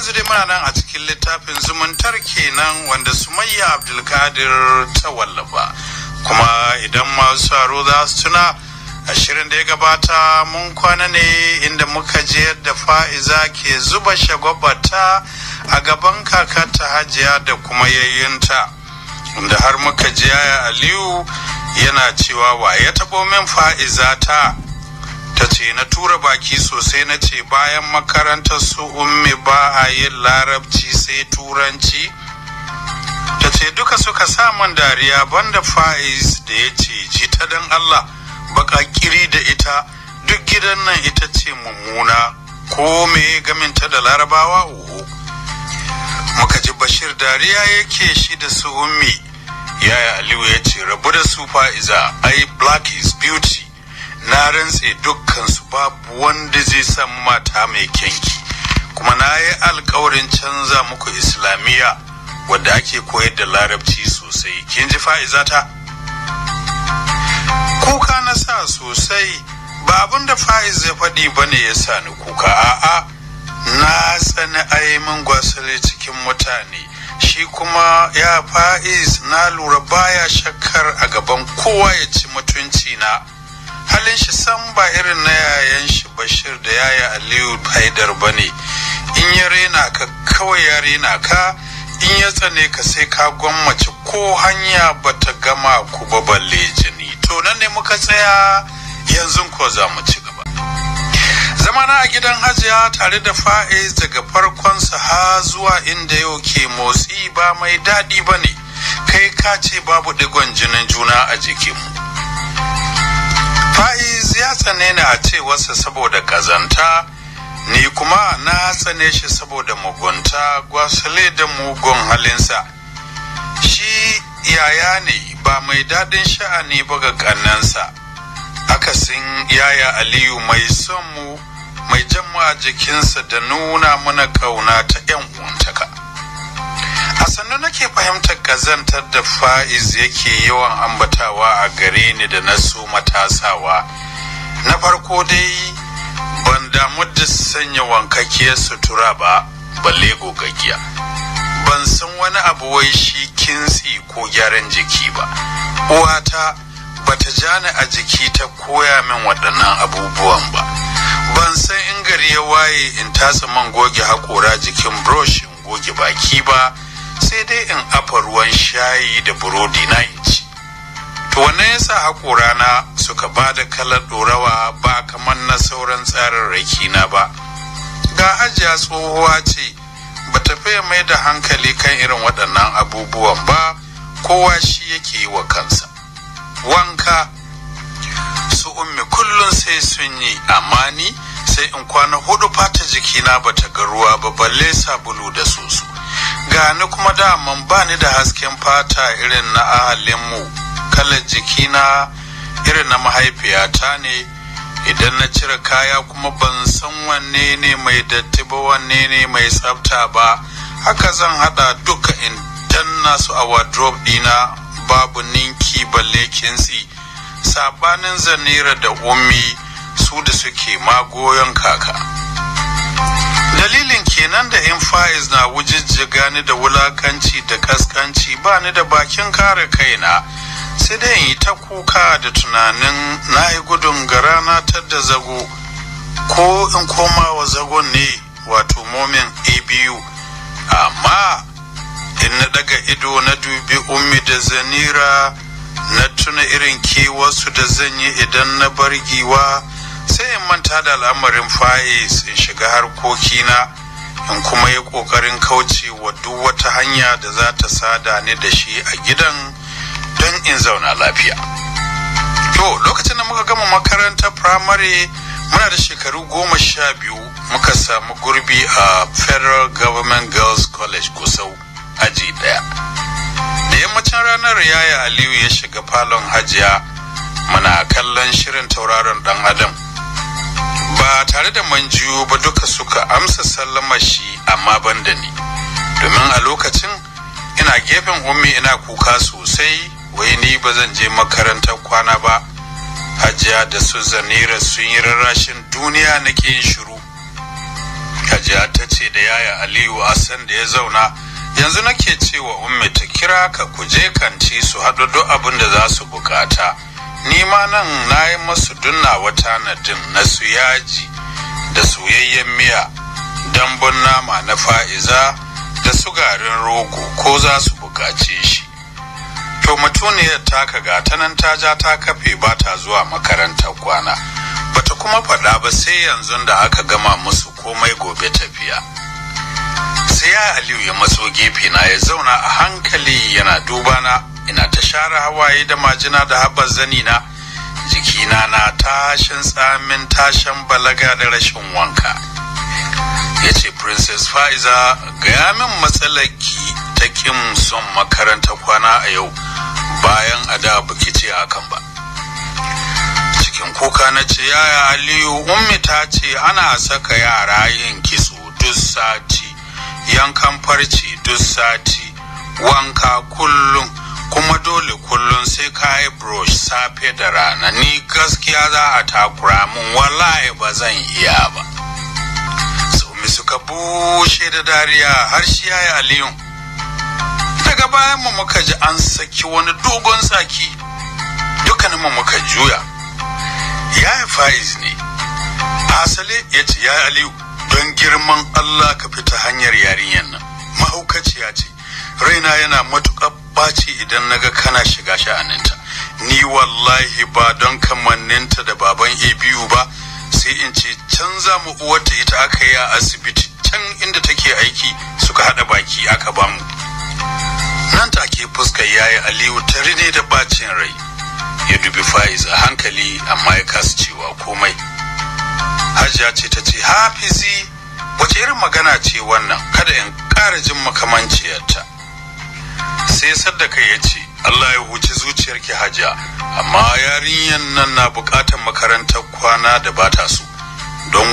yanzu dai muna nan a cikin littafin zumuntar kenan wanda sumayya abdulkadir ta wallafa kuma idan masu saro za su tuna ashirin da ya gabata mun kwana ne inda muka je yadda fa'iza ke zuba shagwabata a gaban kakata hajiya da kuma yayyinta inda har muka je aliyu yana cewa wa ya taɓo min fa'iza ta ta ce na tura baki sosai na ce bayan makarantar su ummi ba a yin larabci sai turanci ta ce duka suka samun dariya banda fa'iz da ya ce ji ta dan allah baka kiri da ita duk gidan nan ita ce mummuna ko me gaminta da larabawa uhu muka ji bashir dariya yake shi da su ummi yaya aliyu ya ce rabu da su fa'iza ai black is beauty na rantse dukkansu babu wanda zai san mata mai kyanki kuma na yi alkawarin canza muku islamiyya wadda ake koyar da larabci sosai kin ji ta? kuka na sa sosai ba abin da fa'iz ya faɗi ba ne ya sa ni kuka a'a na tsani aimin gwasale cikin mutane shi kuma ya fa'iz na lura baya shakkar a gaban kowa ya ci mutunci na halin shi san ba irin na yayan shi bashir da yaya aliyu haidar ba ne in ya rena ka kawai ya rena ka in ya tsane ka sai ka gwammace ko hanya ba ta gama ku ba balle jini to nan ne muka tsaya yanzu ko za mu ci gaba zamana a gidan hajiya tare da fa'iz daga farkonsa ha zuwa inda yau ke motsi ba mai daɗi ba ne kai ka ce babu digon jinin juna a jikinmu fa'iz ya tsane ni a ce cewarsa saboda kazanta ni kuma na tsane shi saboda mugunta gwasale da mugun halinsa shi yaya ne ba mai daɗin sha'ani ba ga ƙannansa akasin yaya aliyu mai son mu mai a jikinsa da nuna mana ƙauna ta 'yan uwantaka a sannu nake fahimtar kazantar da fa'iz yake yawan ambatawa a gare ni da na so matasawa na farko dai ban damu da sanya wankakkiyar sutura ba balle gogaggiya ban san wani abu wai shi kintsi ko gyaran jiki ba uwata bata ja ni a jiki ta koya min waɗannan abubuwan ba ban san in gari ya waye in tasa man goge haƙora jikin brush in goge baki ba sai dai in afa ruwan shayi da burodi na ci to wannan yasa haƙora na suka ba da kalar ɗorawa ba kamar na sauran tsararraki na ba ga ajiya tsohuwa ce ba ta mai da hankali kan irin waɗannan abubuwan ba kowa shi yake yi wa kansa wanka su ummi kullum sai sun yi amani, sai in kwana hudu fata jikina ba ta ga ruwa ba balle sabulu da soso gani kuma daman ba ni da hasken fata irin na ahalinmu kalar jikina irin na mahaifiyata ne idan na cire kaya kuma ban san wanne ne mai datti ba wanne ne mai tsafta ba haka zan hada duka in danna su a wardrobe dina babu ninki balle kinsi sabanin zanira da ummi su da suke magoyon kaka dalilin kenan da in fa'iz na wujijjiga ni da wulakanci da kaskanci ba ni da bakin kare kaina sai dai in yi ta kuka da tunanin na yi gudun gara na da zago ko in koma wa zagon ne wato momin abu amma in na daga ido na dubi ummi da zanira na tuna irin kewarsu da zan yi idan na bargiwa sai in manta da al'amarin fa'iz in shiga harkokina in kuma yi ƙoƙarin kauce wa duk wata hanya da za ta sada ni da shi a gidan don in zauna lafiya to lokacin da muka gama makarantar firamare muna da shekaru goma sha biyu muka samu gurbi a federal government girls college kusau aji ɗaya. da yammacin ranar yaya aliyu ya shiga falon hajiya muna kallon shirin tauraron ɗan adam ba tare da manjiyo ba duka suka amsa sallama shi amma ban da ni domin a lokacin ina gefen ummi ina kuka sosai wai ni ba zan je makarantar kwana ba hajiya da su zanira sun yi rarrashin duniya na yin shiru hajiya ta ce da yaya aliyu a san da ya zauna yanzu nake cewa ummi ta kira ka kuje kanti su haɗu duk abin da za su bukata ni ma nan na yi masu dunna tanadin na su yaji da soyayyen miya dambun nama na fa'iza da su garin rogo ko za su bukace shi to mutuniyar taka gata nan ta ja ta kafe ba ta zuwa makaranta kwana bata kuma faɗa ba sai yanzu da aka gama musu komai gobe tafiya sai ya aliyu ya maso gefe na ya zauna a hankali yana dubana ina ta share hawaye da majina da haba zanina jikina na tashin tsamin tashin balaga da rashin wanka ya ce princess fa'iza gaya min matsalaki ta kin son makaranta kwana a yau bayan a da baki a kan ba cikin kuka na ce yaya aliyu ummi ta ce ana saka yara yin kitso duk sati yankan farce duk sati wanka kullum dole kullum sai ka yi brush safe da rana ni gaskiya za a takura min wallahi ba zan iya ba sumi suka bushe da dariya har shi ya yi aliyu. daga bayan mu muka ji an saki wani dogon saki dukkanin mu muka juya ya yi faiz ne asali ya ce ya yi aliyu don girman allah ka fita hanyar yarinyar nan mahaukaciya ce raina yana matuƙar ɓaci idan naga kana shiga sha'aninta ni wallahi ba don kamanninta da baban abu ba sai in ce can za mu uwarta ita aka yi a asibiti can inda take aiki suka haɗa baki aka bamu nan take fuskar yayi aliyu tare ne da bacin rai ya dubi faiz a hankali amma ya kasa cewa komai hajiya ce ta ce hafizi wace irin magana ce wannan kada in ƙara jin makamanciyarta sai kai ya ce Allah ya huci zuciyarki hajiya amma yarinyar nan na bukatar makarantar kwana da bata ta so don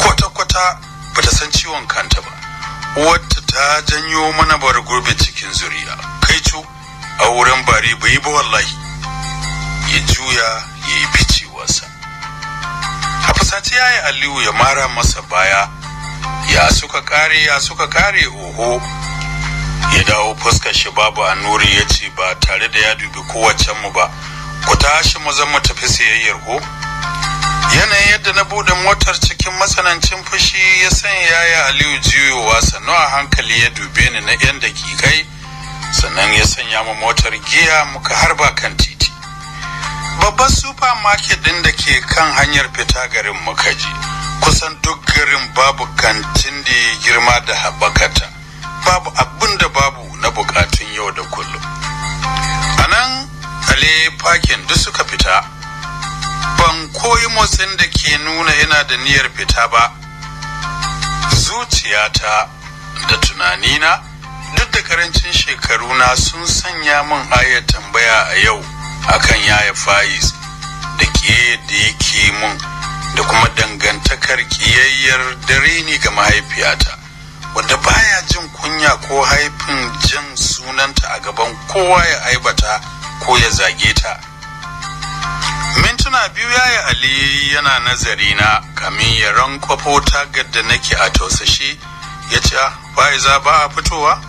kwata-kwata ba ta san ciwon kanta ba wata ta janyo mana bar gurbe cikin zuriya kai cu a wurin bari bai ba wallahi ya juya ya yi ficewarsa hafasaci ya yi aliyu ya mara masa baya ya suka kare ya suka kare oho ya dawo fuskar shi babu nuri ya ce ba tare da ya dubi kowacen mu ba ku tashi mu zan mu tafi siyayyar ko yanayin yadda na buɗe motar cikin matsanancin fushi ya sanya yaya aliyu jiyowa sannu a hankali ya dube ni na yan dakikai sannan ya sanya mu motar giya muka harba kan titi babban supermarket din da ke kan hanyar fita garin muka je kusan duk garin babu kantin da ya girma da haɓakata babu abin da babu na bukatun yau da kullum a nan ale fakin duk suka fita ban koyi motsin da ke nuna yana da niyyar fita ba zuciyata da tunanina duk da karancin na sun sanya min ayar tambaya a yau akan yaya fayis da ke da yake mun da kuma dangantakar kiyayyar dare ni ga mahaifiyata wanda baya jin kunya ko haifin jin sunanta a gaban kowa ya aibata ko ya zage ta mintuna biyu yi ali yana nazari na kamin ya rankwafo tagar da nake a tausashe ya ce ah, za ba a fitowa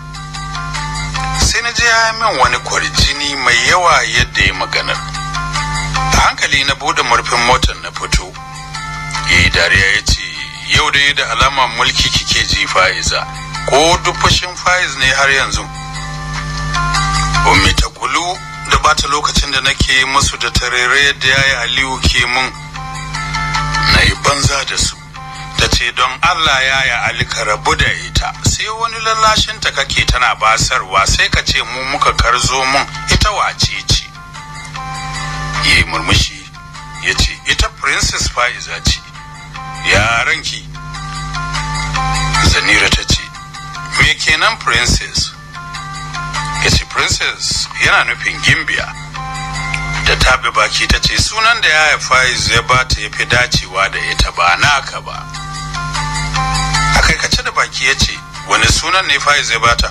sai na ji ya min wani kwarjini mai yawa yadda ya maganar a hankali na bude murfin motar na fito ya yi dariya ya ce yau dai da alama mulki kike ji fa'iza ko duk fashin fa'iz ne har yanzu ummi ta kulu da bata lokacin da nake musu da tarere da yayi aliyu ke mun na yi banza da su ta ce don allah yaya ali ka rabu da ita sai wani lallashin ta kake tana basarwa sai ka ce mu muka karzo mun ita wace ce yi murmushi ya ce ita princess fa'iza ce ki zanira ta ce me kenan princess ya ce princess yana nufin gimbiya da bi baki ta ce sunan da ya haifa ya ba ta ya fi dacewa da ita ba naka ba a kaikace da baki ya ce wani sunan ne faiz ya bata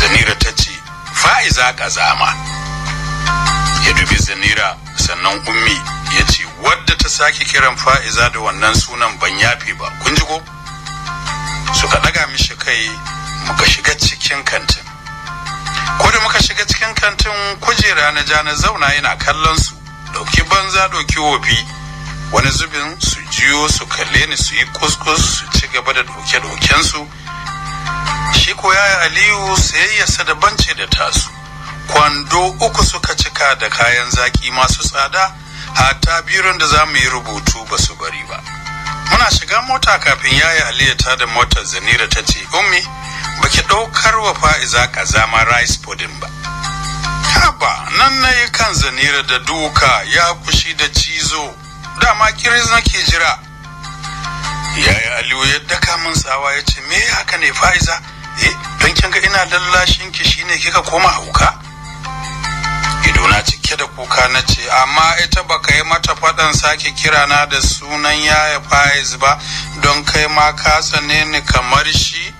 zanira ta ce faiza kazama ya dubi zanira sannan ummi ya ce wadda ta sake kiran fa'iza da wannan sunan ban yafe ba kun ji ko suka daga mishi kai muka shiga cikin kantin ko da muka shiga cikin kantin kujera na ja na zauna yana kallon su dauki banza dauki wofi wani zubin su jiyo su kalle ni su yi kuskus su ci gaba da dauke dauken su shi ko yaya aliyu sayayyarsa da bance da tasu kwando uku suka cika da kayan zaki masu tsada hata biron da za mu yi rubutu ba su bari ba muna shiga mota kafin yaya yi ta da motar zanira ta ce ummi baki ɗaukar wa fa'iza kazama rice pudding ba haba nan na yi kan zanira da duka ya kushi da cizo dama kiris ke jira yaya aliyu ya daka min tsawa ya ce me haka ne fa'iza eh don kin ga ina lallashin ki shine kika koma hauka idona ci da kuka na ce amma ita baka yi mata faɗan sake kirana da sunan yaya faiz ba don kai ma ka tsane ni kamar shi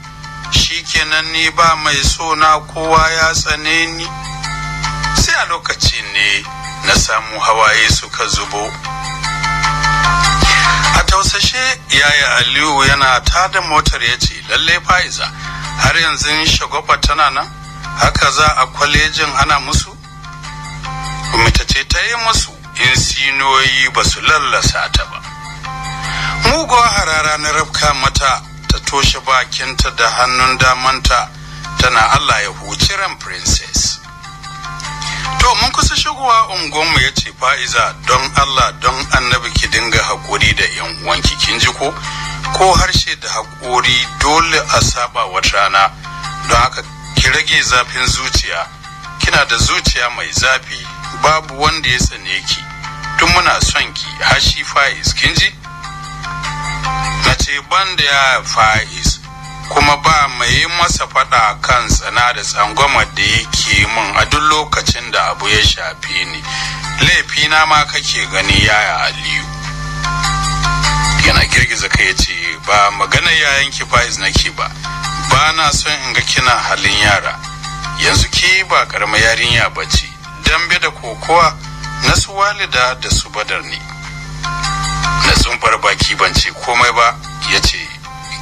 shi kenan ni ba mai so na kowa ya tsane ni sai a lokaci ne na samu hawaye suka zubo a tausashe yaya aliyu yana tada motar ya ce lalle fa'iza har yanzu shagwafa tana nan haka za a kwalejin ana musu kuma ce ta yi masu in sinoyi ba su lallasa ta ba muguwa harara na rabka mata ta toshe bakinta da hannun damanta tana allah ya huci ran princess to mun kusa shigowa unguwarmu ya ce fa'iza don allah don annabi ki dinga haƙuri da yan uwanki kin ji ko ko harshe da haƙuri dole a saba wata rana don haka ki rage zafin zuciya kina da zuciya mai zafi babu wanda ya sane ki tun muna son ki har shi fa'is kin ji na ce ban da ya fa'is kuma ba mai masa faɗa kan tsana da tsangwama da yake min a duk lokacin da abu ya shafe ni laifina ma kake gani yaya aliyu yana girgiza kai ya ce ba magana yayan ki faiz nake ba ba na son in ga kina halin yara yanzu ki ba karama yarinya ba dambe da kokowa na su walida da su badar ne na tsumfar baki ban ce komai ba ya ce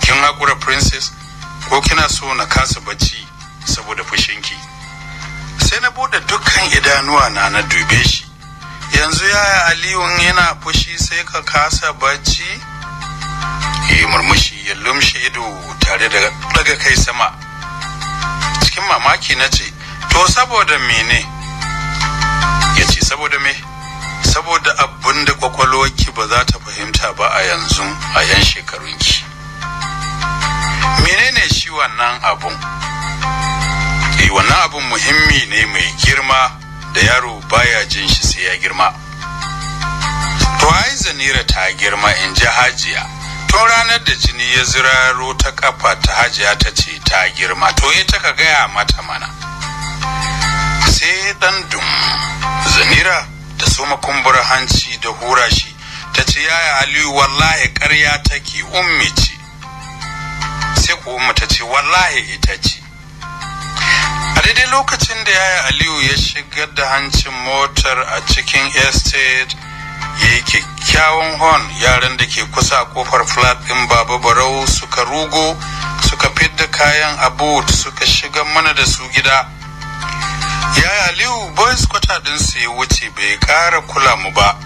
kin haƙura princess ko kina so na kasa bacci saboda fushinki sai na bude dukkan idanuwa na na dube shi yanzu yaya aliyu yana fushi sai ka kasa bacci yi murmushi ya lumshe ido tare da daga kai sama cikin mamaki na ce to saboda mene saboda me saboda abin da kwakwalwarki ba za ta fahimta ba a yanzu a yan shekarunki menene shi wannan abun eh, wannan abun muhimmi ne mai girma da yaro baya jin shi sai ya girma to ai zanira ta girma in ji hajiya to ranar da jini ya ziraro ta kafa ta hajiya ta ce ta girma to ita ka gaya mata mana sai dan dum zanira ta soma kumbura hanci da hura shi ta ce yaya aliyu wallahi karya take ummi ce sai ko ta ce wallahi ita ce a daidai lokacin da yaya aliyu ya shigar da hancin motar a cikin estate ya yi kyakkyawan horn yaran da ke kusa a kofar flat ɗin baba barau suka rugo suka fidda kayan abu suka shiga mana da su gida yaya aliyu boys kwata din su ya wuce bai kara kula mu ba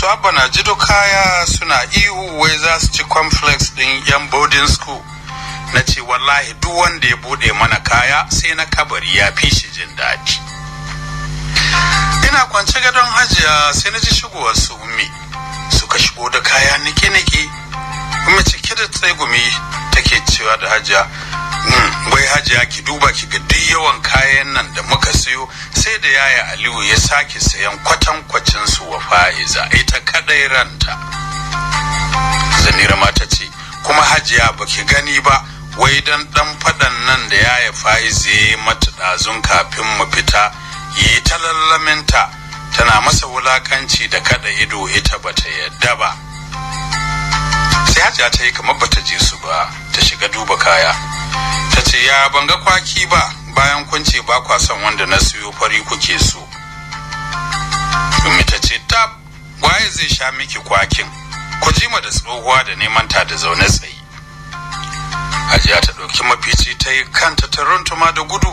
su abba na jido kaya suna ihu wai za su ci complex din yan boarding school na ce wallahi duk wanda ya bude mana kaya sai na kabari ya fi shi jin daɗi ina kwance gadon hajiya sai na ji shigowar su ummi suka shigo da kaya niki-niki kuma cike da tsegumi take cewa da hajiya wai hajiya ki duba ki ga duk yawan kayan nan da muka sayo sai da yaya aliyu ya sake sayan kwatankwacin su wa fa'iza ita kadai ranta zanira ma ta ce kuma hajiya ba ki gani ba wai dan dan fadan nan da yaya fa'iza ya yi mata ɗazun kafin mu fita yi ta lallaminta tana masa wulakanci da kada ido ita bata yadda ba sai hajiya ta yi kamar bata ji su ba ta shiga duba kaya ta ce ya banga kwaki ba bayan kun ce ba kwa son wanda na siyo fari kuke so Yumi ta ce tab waye zai sha miki kwakin ku ji ma da tsohuwa da neman ta da zaune tsayi. hajiya ta ɗauki mafici ta yi kanta ta runtuma da gudu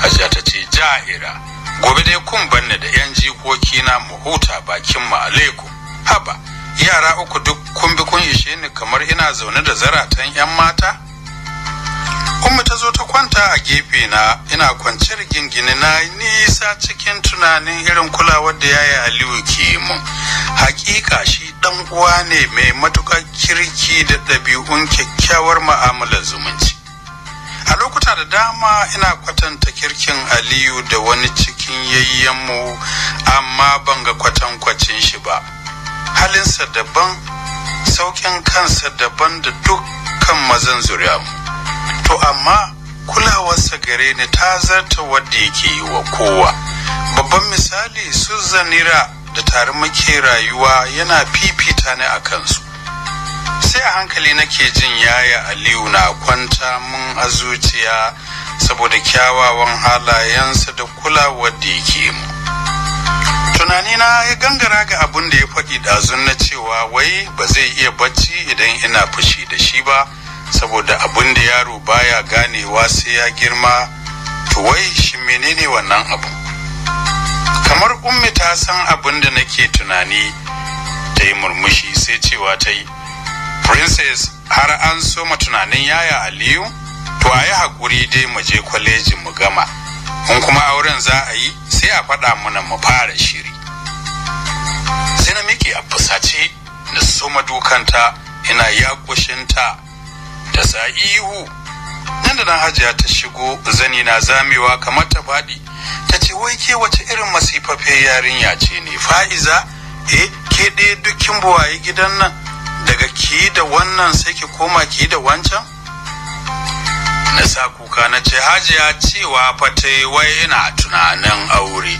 hajiya ta ce jahira gobe dai kun banne da yan jikoki na mu huta bakin mu alaikum haba yara uku duk kun bi kun ishe ni kamar ina zaune da zaratan yan mata mu ta zo ta kwanta a gefe na ina kwanciyar gingine na nisa cikin tunanin irin kulawar da yaya Aliyu ke mun. Hakika shi dan uwa ne mai matukar kirki da ɗabi'un kyakkyawar ma'amalar zumunci. A lokuta da dama ina kwatanta kirkin Aliyu da wani cikin yayyenmu amma ban ga kwatankwacin shi ba. Halinsa daban, saukin kansa daban da dukkan mazan zuriya mu. to amma kulawarsa gare ni ta zarta wadda yake yi wa kowa babban misali su zanira da tare muke rayuwa yana fifita ni a kansu sai a hankali nake jin yaya aliyu na kwanta mun a zuciya saboda kyawawan halayensa da kulawar da yake mu Tunani na ya gangara ga abin da ya faɗi ɗazun na cewa wai ba zai iya bacci idan ina fushi da shi ba saboda abin da yaro baya ganewa sai ya girma to wai shi menene wannan abu kamar ummi ta san abin da nake tunani ta yi murmushi sai cewa ta yi princess har an soma tunanin yaya aliyu to a yi haƙuri dai mu je kwalejin mu gama in kuma auren za a yi sai a faɗa mana mu fara shiri sai na miƙe a fusace da soma dukanta ina yakushinta ta sa ihu nan da nan hajiya ta shigo zani na zamewa kamar ta faɗi ta ce wai ke wace irin masifafe yarinya ce ne fa'iza eh ke ɗaya dukkin buwaye gidan nan daga ki da wannan sai ki koma ki da wancan na sa kuka na ce hajiya cewa fata wai ina tunanin aure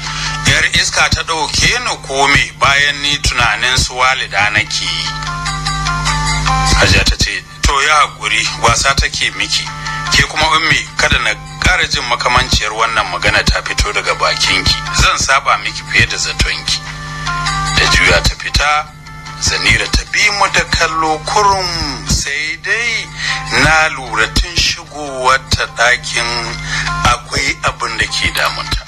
yar iska ta ɗauke ni kome bayan ni tunanin su walida nake hajiya ta to ya haƙuri wasa take miki ke kuma ummi kada na ƙara jin makamanciyar wannan magana ta fito daga bakinki zan saba miki fiye da zatonki da juya ta fita zanira ta bi mu da kallo kurum sai dai na lura tun shigowar ta ɗakin akwai abin da ke damunta